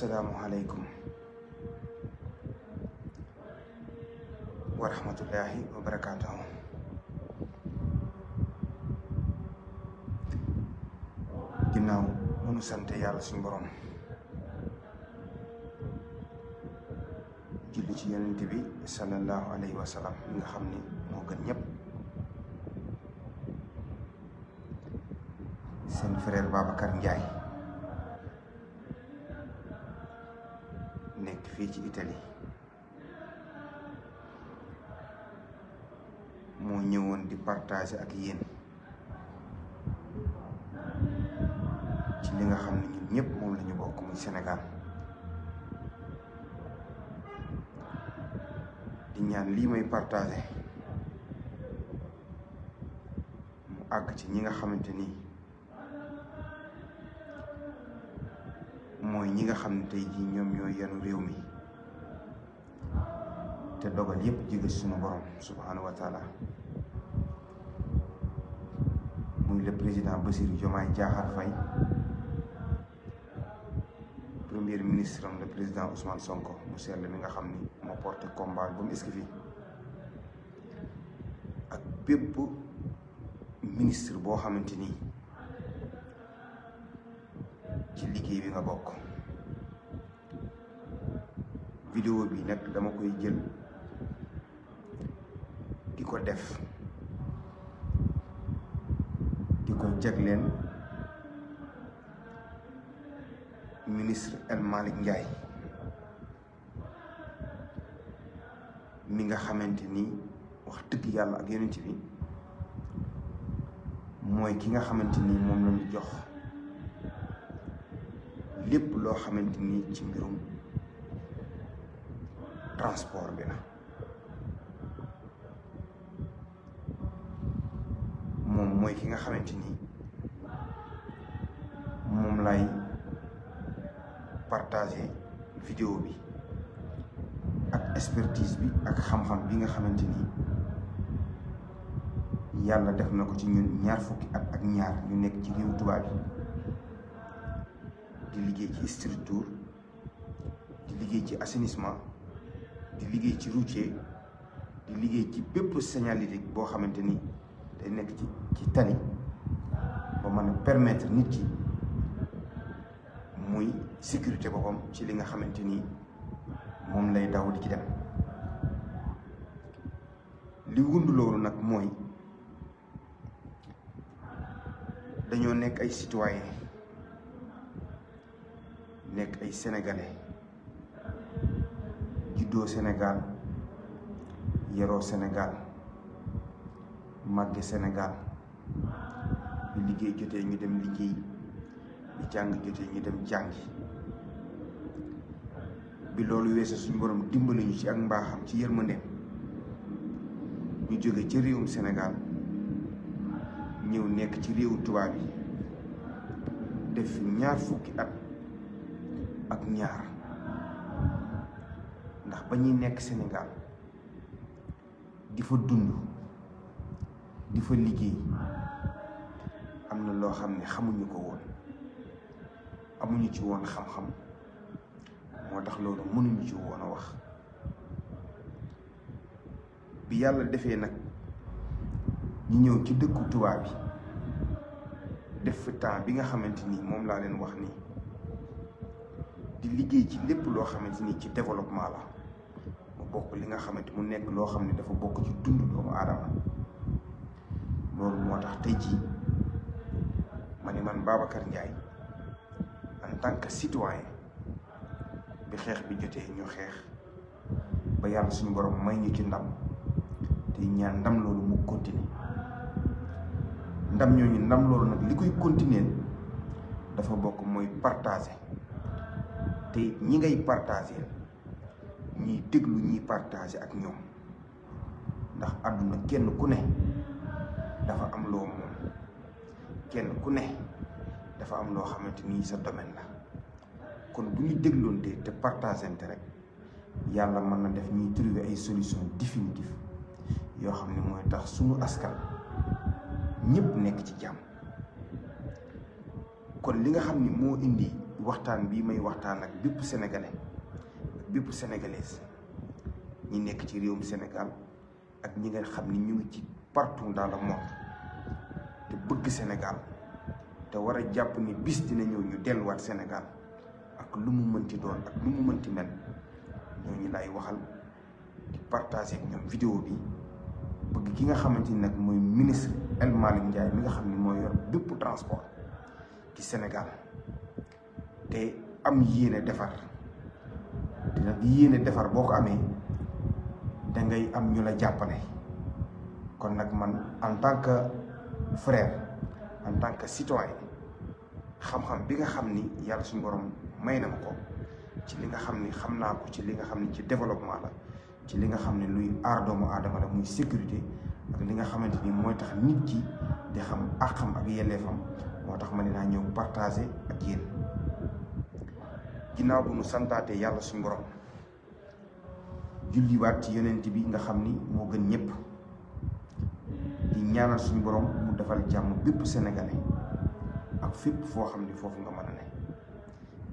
Assalamualaikum, warahmatullahi wabarakatuh. الله وبركاته sante yàlla suñu borom ci bi sallallahu alaihi wasallam sallam nga xam ni gën fii ci Italie moo ñëwoon di partager ak yeen ci li nga xamni ñun ñëpp moom lañu bokk muy senegal di ñaan li may partager mu ag ci ñi nga xamanteni moy ñi nga xam tay ji ñom ñoy yanu rew mi. te dogal yépp jóge suñu borom subhanahu wa taala muy le président Bassirou Diomaye Diakhar Faye premier ministre am le président Ousmane Sonko mu sell mi nga xam ni moo porté combat ba mu eski ak bépp ministre boo xamante nii ci liggéey bi nga bokk vidéo bi nag dama koy jël ko def di ko jagleen ministre El malik Ndiaye mi nga xamanteni wax deug yalla ak yonent bi moy ki nga xamanteni mom lañu jox lepp lo xamanteni ci mbirum transport bi na mooy ki nga xamante ni moom lay partage vidéo bi ak expertise bi ak xam-xam bi nga xamante ni yàlla def na ko ci ñun ñaar fukki at ak ñaar ñu nekk ci réew tubaab yi di liggéey ci structure di liggéey ci assainissement di liggéey ci routier di liggéey ci bépp signalétique boo xamante ni day nekk ci ci tali ba mën a permettre nit ki muy sécurité boppam ci li nga xamante ni moom lay daw di ci dem li wund loolu nag mooy dañoo nekk ay citoyen nekk ay sénégalais juddoo Sénégal yeroo Sénégal màgge Sénégal di liggéey jotee ñu dem liggéey di jàng jotee ñu dem jàngi bi loolu weesoo suñu borom dimbali ñu ci ak mbaaxam ci yërmandeem ñu jóge ci réewum Sénégal ñëw nekk ci réewu um tubaab bi def ñaar fukki at ak ñaar ndax ba ñuy nekk Sénégal di fa dund di fa liggéey loo xam ne xamuñu ko woon amuñu ci woon xam-xam moo tax loolu mënuñu ci woon a wax bi yàlla defee nag ñu ñëw ci dëkku tubaab bi def fa temps bi nga xamante ni moom laa leen wax nii di liggéey ci lépp loo xamante ni ci développement la mu bokk li nga xamante mu nekk loo xam ne dafa bokk ci dund doomu aadama loolu moo tax tey jii ma ni man Babacar Ndiaye en tant que citoyen bi xeex bi jotee ñu xeex ba yàlla suñu borom may ñu ci ndam te ñaan ndam loolu mu continue ndam ñooñu ndam loolu nag li koy continuer dafa bokk mooy partager te ñi ngay partager ñiy déglu ñiy partager ak ñoom ndax àdduna kenn ku ne dafa am loo moom kenn ku ne dafa am loo xamante sa domaine la kon te partagente rek yàlla na def trouver ay solution définitive yoo xam ne mooy tax suñu askan ñëpp nekk ci jàmm kon li nga indi waxtaan bii may waxtaan ak bépp sénégalais bépp sénégalaise ñi nekk Sénégal ak ñi nga xam partout dans le monde bëgg Sénégal te wara japp ni bis dina ñëw ñu wat Sénégal ak lu mu mënti doon ak lu mu mënti mel ñooñu lay waxal di partager ak ñom vidéo bi bëgg ki nga xamanteni nak moy ministre El malik Ndiaye mi nga xamni ni yor bëpp transport ci Sénégal te am yéene defar Di nag yéene defar boko amé da ngay am ñu la jappalé kon nak man en tant que frère en tant que citoyen xam-xam bi nga xam ni yàlla suñu borom may na ma ko ci li nga xam ni xam naa ko ci li nga xam ni ci développement la ci li nga xam ne luy aar doomu aadama la muy sécurité ak li nga xamante ni mooy tax nit ki di xam ak xam ak moo tax ma ne naa ñëw partagé ak yéen ginnaaw bu nu yàlla suñu borom julliwaat ci yonent bi nga xam ni moo gën ñëpp di ñaanal suñu borom defal jàmm bépp sénégalais ak fépp foo xam ne foofu nga mën a ne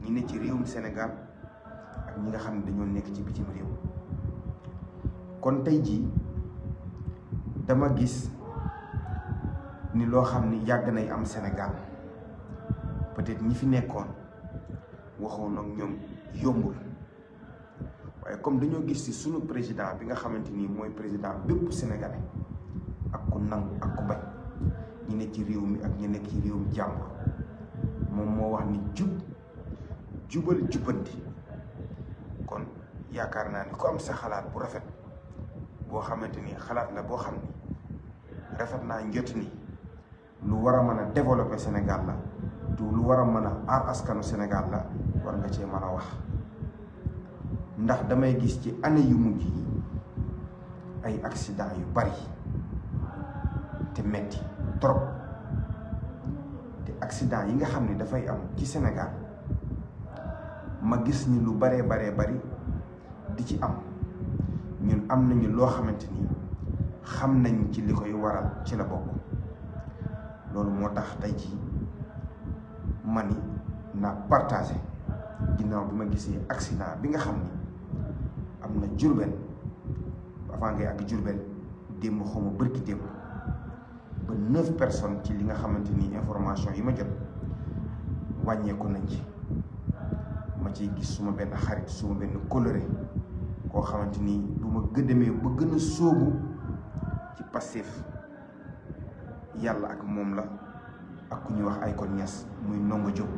ñi ne ci réewum Sénégal ak ñi nga xam ne dañoo nekk ci bitim réew kon tey jii dama gis ni loo xam ni yàgg nay am Sénégal peut-être ñi fi nekkoon waxoon ak ñoom yombul waaye comme dañoo gis ci sunu président bi nga xamante ni mooy président bépp sénégalais ak ku nangu ak ku bañ ñi nekk ci réew mi ak ñi nekk ci réewum jàmbur moom moo wax ni jub jubal jubbanti kon yaakaar naa ni ku am sa xalaat bu rafet boo xamante ni xalaat la boo xam ni rafet naa njot ni lu war a mën a développer Sénégal la du lu war a mën a aar askanu senegal la war nga cee mën a wax ndax damay gis ci année yu mujj yi ay accident yu bari te metti trop di accident yi nga xam da fay am ci Sénégal ma gis ni lu bare bare bari di ci am ñun am nañu lu xamanteni ni xam nañ ci likoy waral ci la bokk lolu motax tay ci mani na partager partagé bima bi accident bi nga xam ni ba Jurbel avant ak Jurbel dem xomu barki dem ba neuf personnes ci li nga xamante nii information yi ma jot wàññeeku nañ ci ma ci gis suma benn xarit suma benn coloré koo xamante ni bu ma gëddamee ba gën a ci Pastef yàlla ak moom la ak ku ñuy wax ay kon ñes muy nongo jóg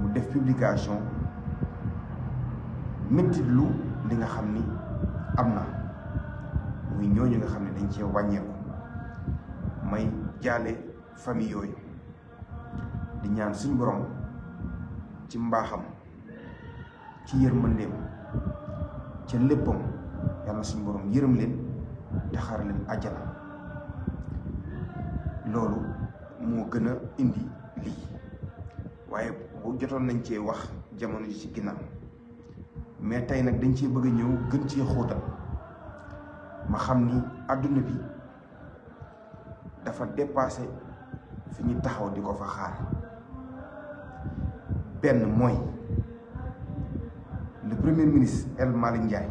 mu def publication métti lu li nga xam ni am na muy ñooñu nga xam ne dañ cee wàññeeku may jaale famille yooyu di ñaan suñu borom ci mbaaxam ci yërmandeem ca léppam yàlla suñu borom yërëm leen te xaar loolu moo gën a indi lii waaye bu jotoon nañ cee wax jamono ji ci ginnaaw mais tey nag dañ cee bëgg a ñëw gën cee xóotal ma xam ni àdduna bi dafa dépassé fi ñu taxaw di ko fa xaar ben moy le premier ministre El Malick ndjay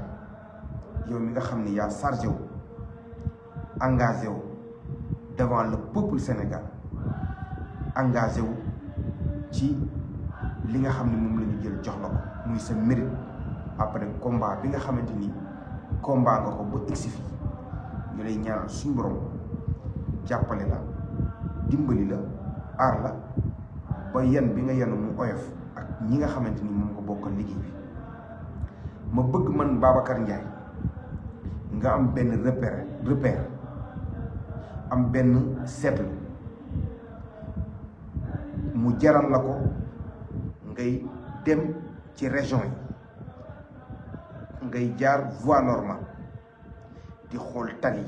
yow mi nga xamni ya chargé wu engagé wu devant le peuple Sénégal engagé wu ci li nga xamni mom lañu jël jox lako muy sa mérite après combat bi nga xamanteni combat nga ko bu exifi ñu lay ñaanal suñu borom jappalé la dimbali la ar la ba yan bi nga yenu mu oyof ak ñi nga xamanteni ni moom nga bokkal liggéey bi ma bëgg man babakar ndjay nga am ben repère repère am ben seetlu mu jaral la ko ngay dem ci région yi ngay jaar voie normale di xol tali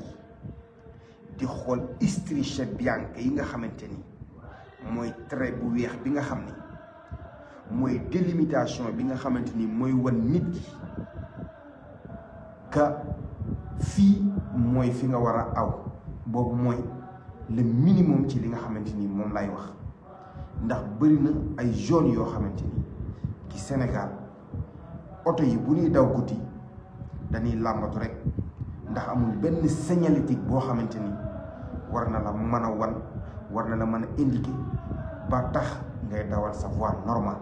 di xool strisce bianche yi nga xamante ni mooy trait bu weex bi nga xam ni mooy délimitation bi nga xamante ni mooy wan nit ki ka fii mooy fi nga war a aw boobu mooy le minimum ci li nga xamante ni moom lay wax ndax bëri na ay zone yoo xamante ni ci Sénégal oto yi bu ñuy daw guddi dañuy làmbatu rek ndax amul benn signalétique boo xamante ni warna lam la mana wan warna lam la mana a indiquer ba tax ngay dawal sa voie normal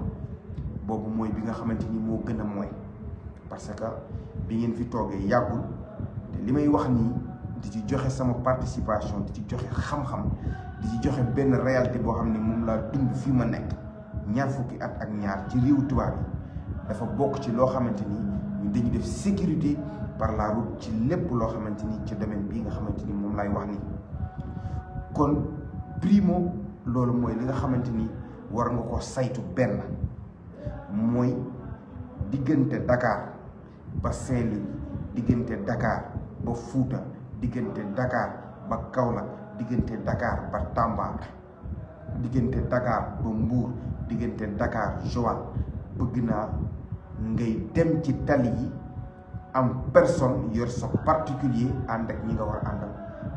bobu moy bi nga xamanteni ni gëna moy parce que bi ngeen fi toogee yagul té limay wax ni di ci joxé sama participation di ci joxé xam-xam di ci joxé ben réalité bo xamni mom la dund fi ma nek ñaar fukki at ak ñaar ci réewu tuba bi dafa bok ci lo xamanteni ni ñu dañu def sécurité par la route ci lepp lo xamanteni ci domaine bi nga xamanteni ni lay wax ni kon primo loolu mooy li nga xamante ni war nga ko saytu benn mooy diggante Dakar ba saint diggante dakaar ba Fuuta diggante Dakar ba Kaolack diggante Dakar ba Tamba diggante Dakar ba Mbuur diggante dakaar Joal bëgg naa ngay dem ci tali yi am personne yor sa particulier ànd ak ñi nga war a àndal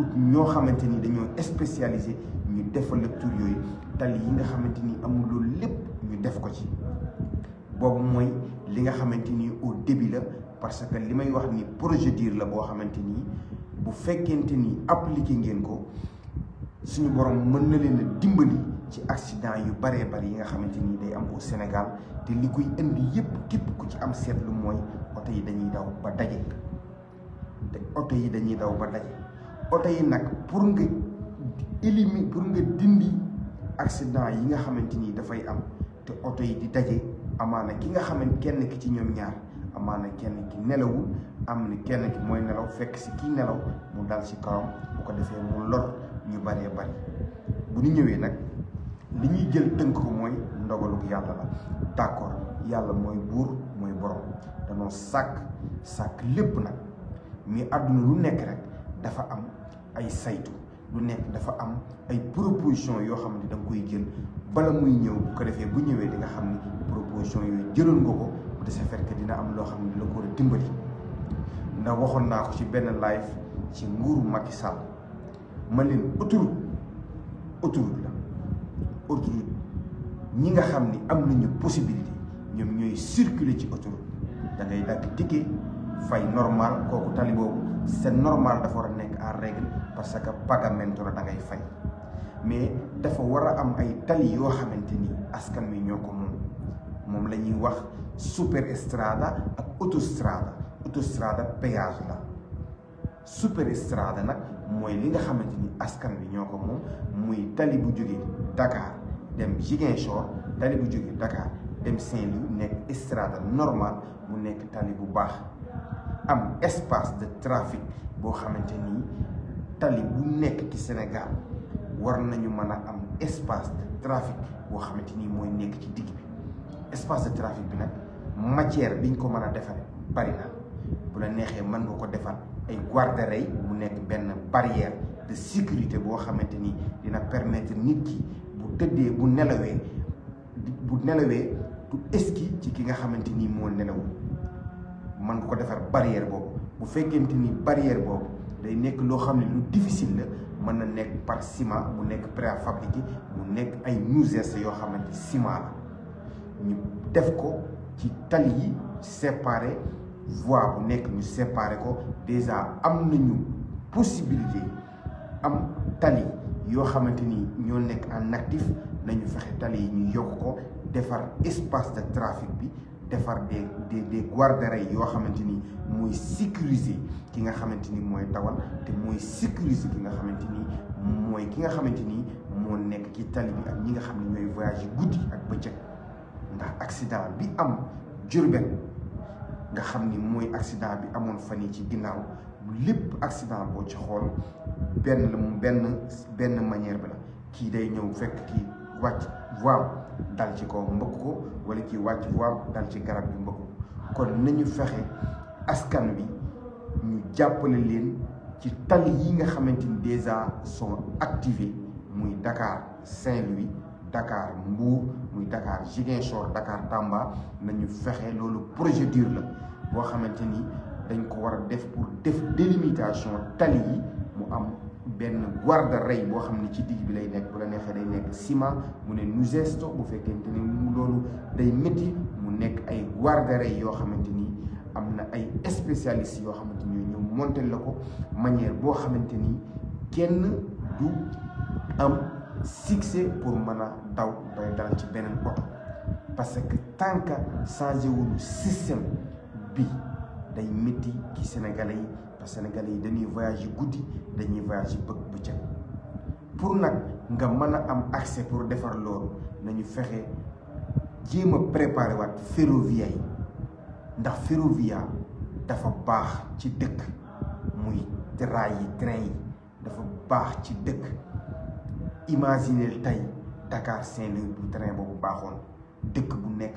ut ñoo xamante ni dañoo spécialisé ñu defal lecture yooyu tali yi nga xamante ni amul lépp ñu def ko ci boobu mooy li nga xamante ni au début la parce que li may wax ni projet procédure la boo xamante ni bu fekkente ni appliqué ngeen ko suñu borom mën na leen a dimbali ci accident yu baree bari yi nga xamante ni day am au Sénégal te li koy indi yépp képp ku ci am seetlu mooy oto yi dañuy daw ba daje te oto yi dañuy daw ba daje. oto yi nag pour nga éliminer pour nga dindi accident yi nga xamante ni dafay am te oto yi di daje amaana ki nga xaman kenn ki ci ñoom ñaar amaana kenn ki nelawul am na kenn ki mooy nelaw fekk si kii nelaw mu dal si kawam bu ko defee mu lor ñu baree bari bu ñu ñëwee nag li ñuy jël tënk ko mooy ndogalug yàlla la d'accord yàlla mooy buur mooy borom danoo sàkk sàkk lépp nag mais àdduna lu nekk rek dafa am ay saytu lu nekk dafa am ay proposition yoo xam ne da koy jël bala muy ñëw bu ko defee bu ñëwee di nga xam ne proposition yooyu jëloon nga ko bu desee fekk dina am loo xam ne la ko war a dimbali ndax waxoon naa ko ci benn live ci nguuru Macky Sall ma leen autoroute autoroute la autoroute ñi nga xam ni am nañu possibilité ñoom ñooy circuler ci autoroute dangay ngay dagg ticket fay normal kooku tali boobu c'est normal dafa war a nekk en règle parce que pagamento la da ngay fay mais dafa war a am ay tali yoo xamante ni askan wi ñoo ko moom la ñuy wax superstrada ak autostrada autostrada péage la superstrada nag mooy li nga xamante ni askan wi ñoo ko moom muy tali bu jóge Dakar dem Ziguinchor tali bu jóge Dakar dem Saint-Louis nekk strada normal mu nekk tali bu baax am espace de trafic boo xamante ni tali bu nekk ci Sénégal war nañu mën a am espace de trafic boo xamante ni mooy nekk ci digg bi espace de trafic bi nag matière biñ ko mën a defaree bari na bu la neexee mën nga ko defar ay guarde-reille mu nekk benn barrière de sécurité boo xamante ni dina permettre nit ki bu tëddee bu nelawee bu nelawee du eski ci ki nga xamante ni moo nelawul man nga ko defar barrière boobu bu barrière boobu day difficile la mën na par ciment mu nekk préfabriqué mu nekk ay ciment la tali yi séparé séparé déjà am nañu possibilité am tali en actif nañu tali yi espace de trafic defar des des des garde-rails yoo xamante ni sécuriser ki nga xamanteni ni tawal dawal te mooy sécuriser ki nga xamanteni ni ki nga xamanteni ni nek ci talib ak ñi nga xamni ne voyage goudi ak bëccëg ndax accident bi am jurben nga xamni ni accident bi amone fani ci ginnaw lepp accident bo ci xol benn ben benn benn manière bi la kii day ñew fekk ki wacc waaw dal ci kaw mbëkk ko wala ci wàcc voie dal ci garab bi mbëkk kon nañu fexé askan bi ñu jàppale leen ci tal yi nga xamanteni déjà sont activés muy Dakar Saint-Louis Dakar Mbour muy Dakar Ziguinchor Dakar Tamba nañu fexe loolu procédure la bo xamanteni dañ ko wara def pour def délimitation tali yi mu am benn garde boo xam ne ci digg bi lay nekk bu la neexee day nekk ciment mu ne nuisesto bu fekkente ni mu loolu day métti mu nekk ay garde rey yoo xamante ni am na ay spécialistes yoo xamante ni ñoom monter la ko manière boo xamante ni kenn du am succès pour mën a daw day dal ci beneen oto parce que tant que changé wuñu système bi day métti ci Sénégalais yi. Les sénégalais voyagent dañuy voyage dañuy voyage pour que nga avons am accès pour defar nañu préparé préparer la ferrovia La ndax ferrovia baax ci train yi dafa baax Dakar Saint-Louis pour train dëkk bu nekk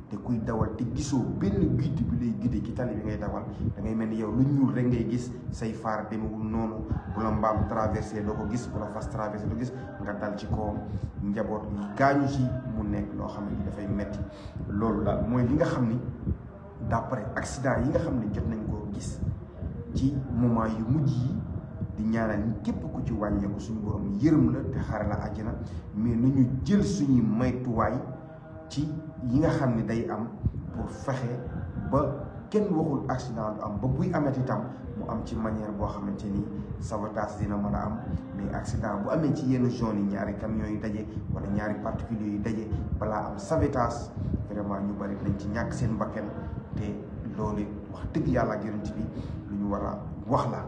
te kuy dawal te gisoo benn guide bi lay guide ci tali bi ngay dawal da ngay mel ni yow lu ñuul rek ngay gis say faar demewul noonu bu la mbaam traversé doo ko gis bu la fas traversé doo gis nga dal ci kawam njaboot yi gaañu ci mu nekk loo xam ne dafay metti loolu la mooy li nga xam ni d'après accident yi nga xam ne jot nañ koo gis ci moment yu mujj yi di ñaanal ñi képp ko ci wàññeeku suñu borom yërëm la te xare la àjjana mais nu ñu jël suñuy maytuwaay yi nga xam day am pour fexe ba kenn waxul accident du am ba buy amé itam mu am ci manière bo xamanteni sabotage dina mën am mais accident bu amé ci yenn zone yi ñaari camions yi dajé wala ñaari particulier yi dajé balaa am sabotage vraiment ñu bari nañ ci ñak seen bakkan té loolu wax dëgg yalla ak bi lu ñu war wax la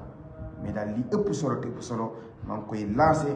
mais dal li ëpp solo té ëpp solo maa ngi koy lancé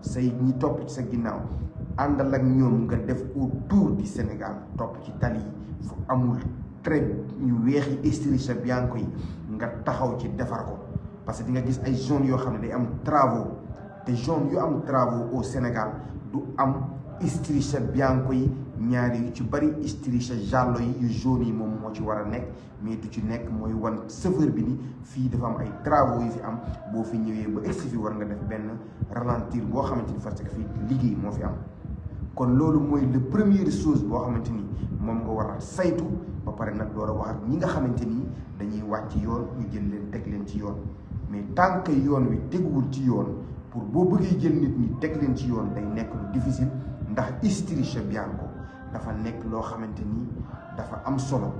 say ñi topp ci sa ginnaaw àndal ak ñoom nga def au tour du Sénégal topp ci tali yi fu amul très yu weex yi estrichet bianco yi nga taxaw ci defar ko parce que di nga gis ay zone yoo xam ne day am travaux te zone yu am travaux au Sénégal du am estrichet bianco yi ñaar yu ci bari strisha jallo yi yu jaune yi moom moo ci war a nekk mais du ci nekk mooy wan chauffeur bi ni fii dafa am ay travaux yu fi am boo fi ñëwee ba egsi fi war nga def benn ralentir boo xamante ni parce que fii liggéey moo fi am kon loolu mooy le première chose boo xamante ni moom nga war a saytu ba pare nag door a wax ak ñi nga xamante ni dañuy wàcc yoon ñu jël leen teg leen ci yoon mais tant que yoon wi teguwul ci yoon pour boo bëggee jël ñi teg leen ci yoon day nekk lu ndax strisha bi ko dafa nek lo xamanteni dafa am solo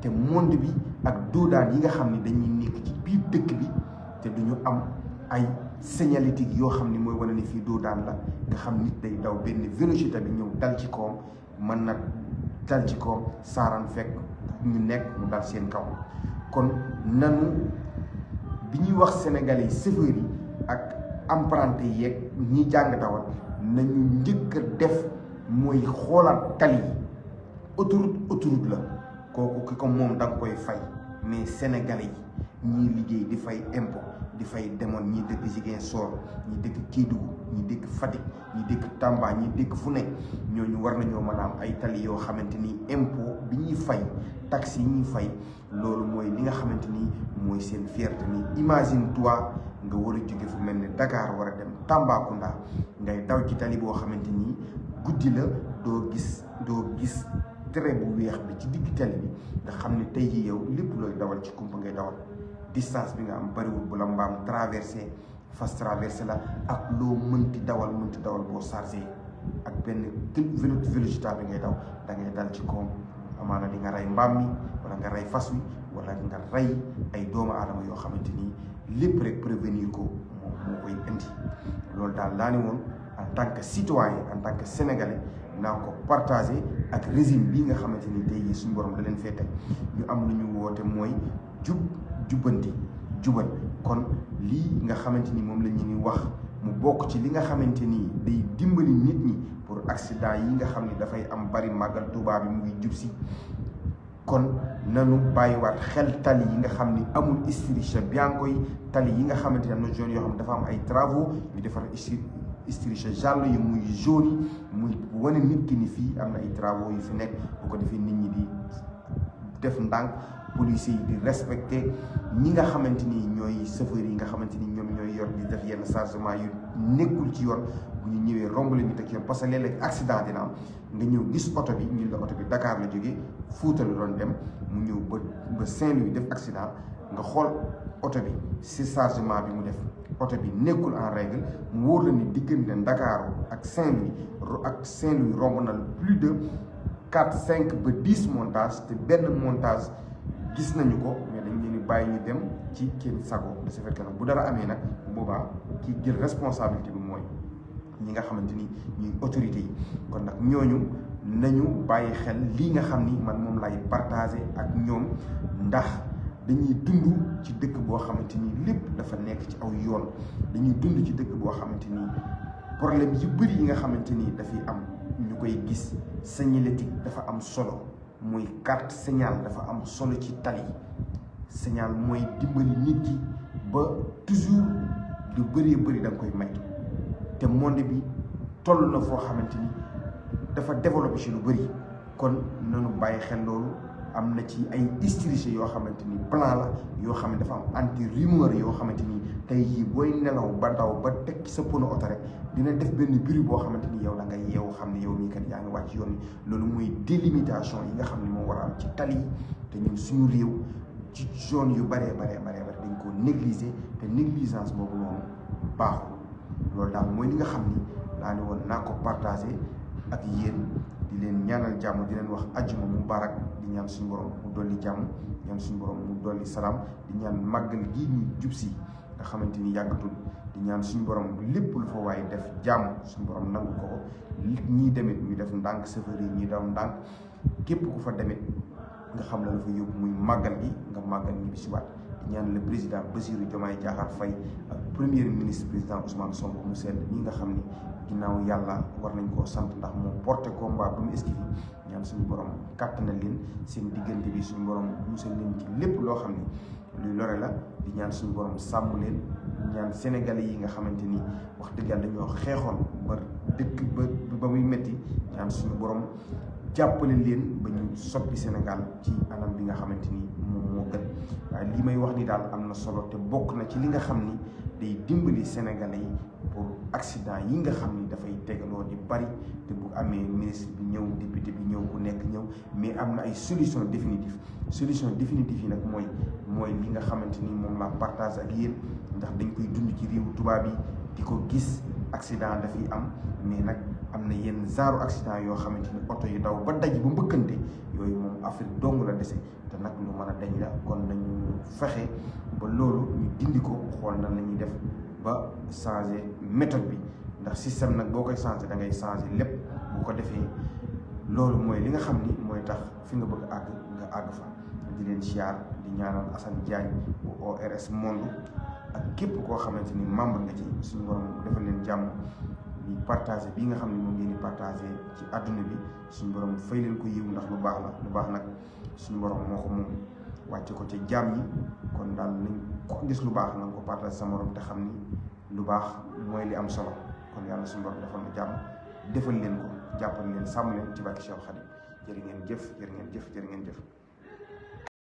te monde bi ak doudan yi nga xamni dañuy nek ci bi dekk bi te duñu am ay signalétique yo xamni moy mooy wane ne fii la nga xam nit day daw ben velocité bi ñew dal ci kawam man na dal ci kawam saran fek ñu nek mu dal seen kaw kon nanu biñu wax sénégalais chauffeur ak emprunté yek ñi jang dawal nañu ñëk def mooy xoolaat tali yi autoroute autoroute la kooku ki ko moom da nga koy fay mais sénégalais yi ñi liggéey di fay impôt di fay demoon ñii dëkk Ziguinchor ñii dëkk Kédougou ñii dëkk Fatick ñii dëkk Tamba ñii dëkk fu ne ñooñu war nañoo mën a am ay tali yoo xamante ni impôt bi ñuy fay tax yi ñuy fay loolu mooy li nga xamante ni mooy seen fierté ni imagine toi nga war a jóge fu mel ni Dakar war a dem Tambacounda ngay daw ci tali boo xamante ni guddi la doo gis doo gis trait bu weex bi ci digg tali bi nga xam ne tey jii yow lépp looy dawal ci kumpa ngay dawal distance bi nga am bariwul bu la mbaam traversé fas traversé la ak loo mënti dawal mënti dawal boo chargé ak benn vélo vélocita bi ngay daw da ngay dal ci koom amaana di nga rey mbaam mi wala nga rey fas wi wala nga rey ay doomu aadama yoo xamante nii lépp rek prévenir ko moo koy indi loolu daal laa woon tant que citoyen en tant que sénégalais naa ko partagé ak régime bi nga xamante ni tey suñ borom da leen fee teg ñu am lu ñu woote mooy jub jubante jubal kon lii nga xamante ni moom la ñu wax mu bokk ci li nga xamante ni day dimbali nit ñi pour accident yi nga xam ni dafay am bari màggal Tuubaa bi mu jub si kon nanu bàyyiwaat xel tali yi nga xam ni amul istrisha bianko yi tali yi nga xamante ni am na zone yoo xam dafa am ay travaux ñu defar istri strisé jàll yi muy jaune muy nit ki ni ay travaux yu fi nek bu ko nit ñi di di respecté ñi nga xamanteni ni chauffeur yi nga xamanteni ni ñoy yor di def yenn chargement yu nekkul ci yor bu ñu parce accident dina nga ñëw gis bi la bi Dakar la joggé doon dem mu ñëw ba Saint-Louis def accident nga oto bi surchargement bi mu def oto bi nekkul en règle mu wóor la ni diggante Ndakaaru ak Saint-Louis ak Saint-Louis romb na plus de quatre cinq ba dix montage te benn montage gis nañu ko mais dañ leen bàyyi ñu dem ci kenn sago de ce fait nag bu dara amee nag boobaa ki jël responsabilité bi mooy ñi nga xamante ni ñuy autorité yi kon nag ñooñu nañu bàyyi xel lii nga xam ni man moom lay partagé ak ñoom ndax dañuy dund ci dëkk boo xamante ni lépp dafa nekk ci aw yoon dañuy dund ci dëkk boo xamante ni problème yu bëri yi nga xamante ni dafay am ñu koy gis signalétique dafa am solo mooy carte signal dafa am solo ci tali signal mooy dimbali nit ki ba toujours lu bëree bëri da nga koy may te mone bi toll na foo xamante ni dafa développé ci lu bëri kon nanu bàyyi xel loolu am na ci ay strisé yoo xamante ni plan la yoo xam ne dafa am anti rumeur yoo xamante ni tey jii booy nelaw ba daw ba teg sa pono oto rek dina def benn bruit boo xamante ni yow la nga yeewu xam ne yow mii kat yaa ngi wàcc yoon wi loolu mooy délimitation yi nga xam ne moo war a am ci tali yi te ñun suñu réew ci zone yu baree baree baree bare dañ koo négliger te négligence boobu noonu baaxul loolu daal mooy li nga xam ni laa ne woon naa ko partagé ak yéen di len ñaanal jamm di len wax aljuma mubarak di ñaan suñu borom mu dolli jàmm ñaan suñu borom mu doli salam di ñaan magal gi ñu jupsi nga xamanteni ni di ñaan suñu borom lepp lu fa def jamm suñu borom nang ko ko demit ñu def ndank safar yi ñi daw ndank kep ku fa demit nga xam la la fa yóbbu muy magal gi nga màggal ñibbi ci wat di ñaan le président Bassirou jomay fay ak premier ministre président Ousmane Sonko mu sell ñi nga xam ni ginnaaw yàlla war nañ koo sant ndax moo porté combat bu mu esquivé ñaan suñu borom kàttanal leen seen diggante bi suñu mu musal leen ci lépp loo xam ni luy lore la di ñaan suñu borom sàmm leen ñaan sénégalais yi nga xamante ni wax dëgg yàlla dañoo xeexoon ba dëkk ba ba muy métti ñaan suñu borom jàppale leen ba ñu soppi Sénégal ci anam bi nga xamante ni moom moo gën waaye li may wax ni daal am na solo te bokk na ci li nga xam ni day dimbali Sénégalais yi pour accident yi nga xam ni dafay tegaloo di bari te bu amee ministre bi ñëw député bi ñëw ku nekk ñëw mais am na ay solution définitive solution définitive yi nag mooy mooy li nga xamante ni moom laa partage ak yéen ndax dañ koy dund ci réewu tubaab yi di ko gis accident dafiy am mais nag am na yenn zaaru accident yoo xamante ni oto yi daw ba daj ba mbëkkante yooyu moom Afrique dong la dese te nag lu mën a dañ la kon nañu fexe ba loolu ñu dindi ko xool na la def ba changer méthode bi ndax système nag boo koy changer da ngay changer lépp bu ko defee loolu mooy li nga xam ni mooy tax fi nga bëgg àgg nga àgg fa di leen siyaar di ñaanal Assane Diagne bu ORS Monde ak képp koo xamante ni membre nga ci suñ borom defal leen jàmm di partage bii nga xam ne moom ngeen di ci àddina bi suñ borom fay leen ko yiw ndax lu baax la lu baax nag suñu borom moo ko mu wàcce ko ci jaam yi kon daal nañ ko gis lu baax na ko partagé sa morom te xam ni lu baax mooy li am solo kon yàlla suñ borom defal na jàmm defal leen ko jàppal leen sàmm leen ci bàkki Cheikh Khadim jërë ngeen jëf jërë ngeen jëf jërë ngeen jëf.